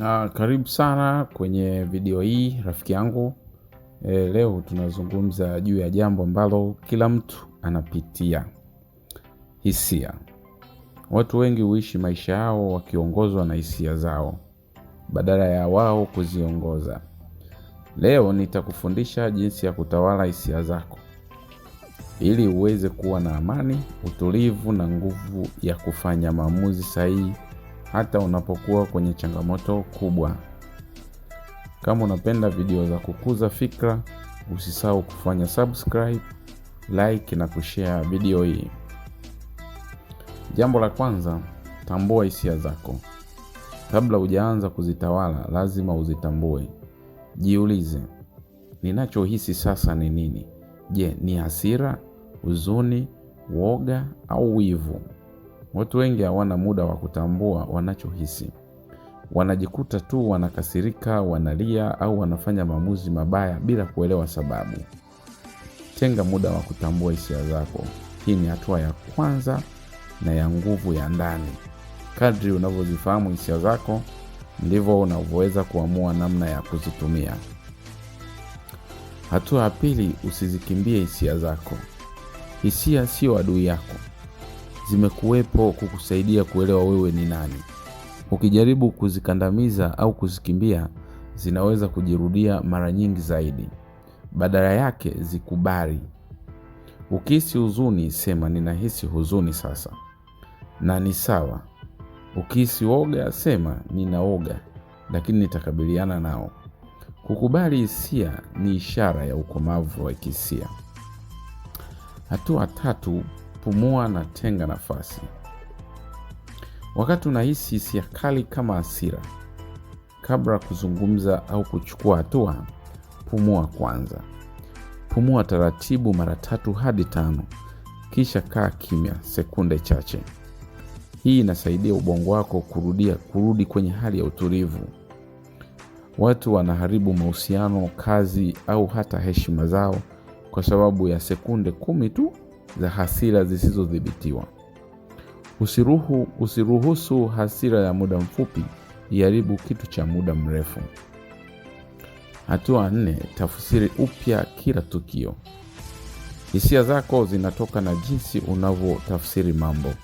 Uh, karibu sana kwenye video hii rafiki yangu. E, leo tunazungumza juu ya jambo ambalo kila mtu anapitia, hisia. Watu wengi huishi maisha yao wakiongozwa na hisia zao badala ya wao kuziongoza. Leo nitakufundisha jinsi ya kutawala hisia zako ili uweze kuwa na amani, utulivu na nguvu ya kufanya maamuzi sahihi hata unapokuwa kwenye changamoto kubwa. Kama unapenda video za kukuza fikra, usisahau kufanya subscribe, like na kushare video hii. Jambo la kwanza, tambua hisia zako. Kabla hujaanza kuzitawala, lazima uzitambue. Jiulize, ninachohisi sasa ni nini? Je, ni hasira, huzuni, woga au wivu? Watu wengi hawana muda wa kutambua wanachohisi, wanajikuta tu wanakasirika, wanalia au wanafanya maamuzi mabaya bila kuelewa sababu. Tenga muda wa kutambua hisia zako. Hii ni hatua ya kwanza na ya nguvu ya ndani. Kadri unavyozifahamu hisia zako, ndivyo unavyoweza kuamua namna ya kuzitumia. Hatua ya pili, usizikimbie hisia zako. Hisia sio adui yako, zimekuwepo kukusaidia kuelewa wewe ni nani. Ukijaribu kuzikandamiza au kuzikimbia, zinaweza kujirudia mara nyingi zaidi. Badala yake, zikubali. Ukihisi huzuni, sema ninahisi huzuni sasa, na ni sawa. Ukihisi woga, sema ninaoga, lakini nitakabiliana nao. Kukubali hisia ni ishara ya ukomavu wa kihisia. Hatua tatu pumua na tenga nafasi. Wakati unahisi hisia kali kama hasira, kabla ya kuzungumza au kuchukua hatua, pumua kwanza. Pumua taratibu mara tatu hadi tano, kisha kaa kimya sekunde chache. Hii inasaidia ubongo wako kurudia kurudi kwenye hali ya utulivu. Watu wanaharibu mahusiano, kazi au hata heshima zao kwa sababu ya sekunde kumi tu za hasira zisizodhibitiwa. Usiruhu, usiruhusu hasira ya muda mfupi iharibu kitu cha muda mrefu. Hatua nne: tafsiri upya kila tukio. Hisia zako zinatoka na jinsi unavyotafsiri mambo.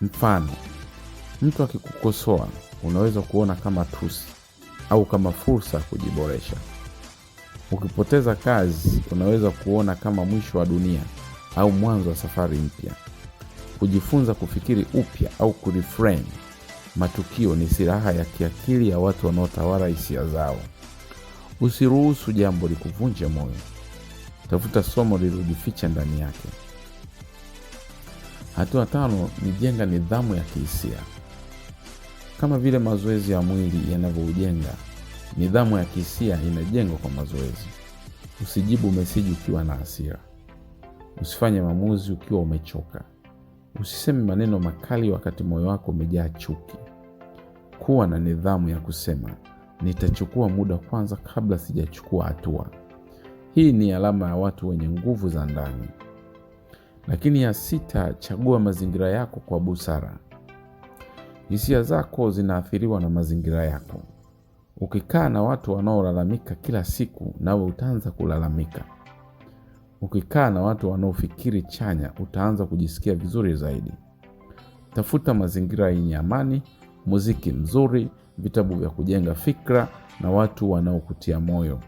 Mfano, mtu akikukosoa unaweza kuona kama tusi au kama fursa kujiboresha. Ukipoteza kazi unaweza kuona kama mwisho wa dunia au mwanzo wa safari mpya. Kujifunza kufikiri upya au kureframe matukio ni silaha ya kiakili ya watu wanaotawala hisia zao. Usiruhusu jambo likuvunje moyo, tafuta somo lililojificha ndani yake. Hatua tano ni jenga nidhamu ya kihisia. Kama vile mazoezi ya mwili yanavyoujenga, nidhamu ya kihisia inajengwa kwa mazoezi. Usijibu meseji ukiwa na hasira. Usifanye maamuzi ukiwa umechoka. Usiseme maneno makali wakati moyo wako umejaa chuki. Kuwa na nidhamu ya kusema nitachukua muda kwanza kabla sijachukua hatua. Hii ni alama ya watu wenye nguvu za ndani. Lakini ya sita, chagua mazingira yako kwa busara. Hisia zako zinaathiriwa na mazingira yako. Ukikaa na watu wanaolalamika kila siku, nawe utaanza kulalamika. Ukikaa na watu wanaofikiri chanya, utaanza kujisikia vizuri zaidi. Tafuta mazingira yenye amani, muziki mzuri, vitabu vya kujenga fikra na watu wanaokutia moyo.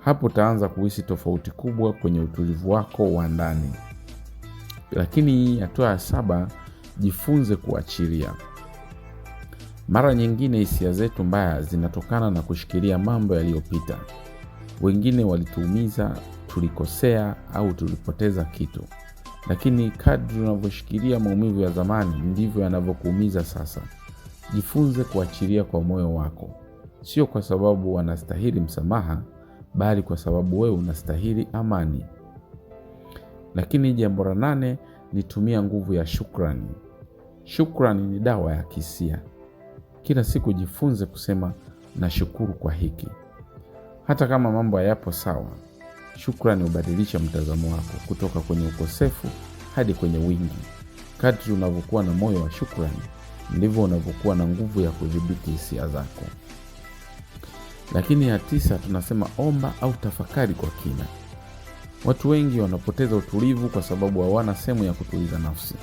Hapo utaanza kuhisi tofauti kubwa kwenye utulivu wako wa ndani. Lakini hatua ya saba, jifunze kuachilia. Mara nyingine hisia zetu mbaya zinatokana na kushikilia mambo yaliyopita. Wengine walituumiza tulikosea au tulipoteza kitu, lakini kadri unavyoshikilia maumivu ya zamani ndivyo yanavyokuumiza sasa. Jifunze kuachilia kwa moyo wako, sio kwa sababu wanastahili msamaha, bali kwa sababu wewe unastahili amani. Lakini jambo la nane ni tumia nguvu ya shukrani. Shukrani ni dawa ya kihisia. Kila siku jifunze kusema nashukuru kwa hiki, hata kama mambo hayapo sawa Shukrani hubadilisha mtazamo wako kutoka kwenye ukosefu hadi kwenye wingi. Kadri unavyokuwa na moyo wa shukrani, ndivyo unavyokuwa na nguvu ya kudhibiti hisia zako. Lakini ya tisa, tunasema omba au tafakari kwa kina. Watu wengi wanapoteza utulivu kwa sababu hawana sehemu ya kutuliza nafsi.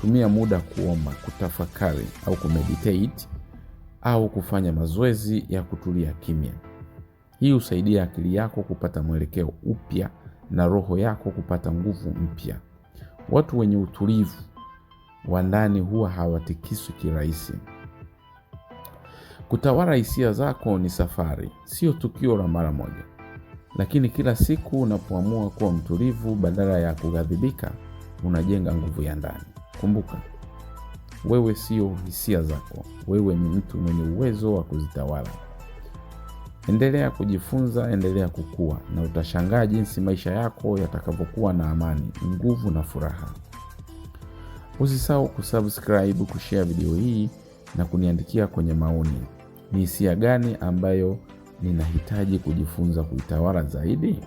Tumia muda kuomba, kutafakari au kumeditate au kufanya mazoezi ya kutulia kimya. Hii husaidia akili yako kupata mwelekeo upya na roho yako kupata nguvu mpya. Watu wenye utulivu wa ndani huwa hawatikiswi kirahisi. Kutawala hisia zako ni safari, sio tukio la mara moja, lakini kila siku unapoamua kuwa mtulivu badala ya kughadhibika, unajenga nguvu ya ndani. Kumbuka, wewe sio hisia zako, wewe ni mtu mwenye uwezo wa kuzitawala. Endelea kujifunza, endelea kukua, na utashangaa jinsi maisha yako yatakavyokuwa na amani, nguvu na furaha. Usisahau kusubscribe, kushare video hii na kuniandikia kwenye maoni, ni hisia gani ambayo ninahitaji kujifunza kuitawala zaidi.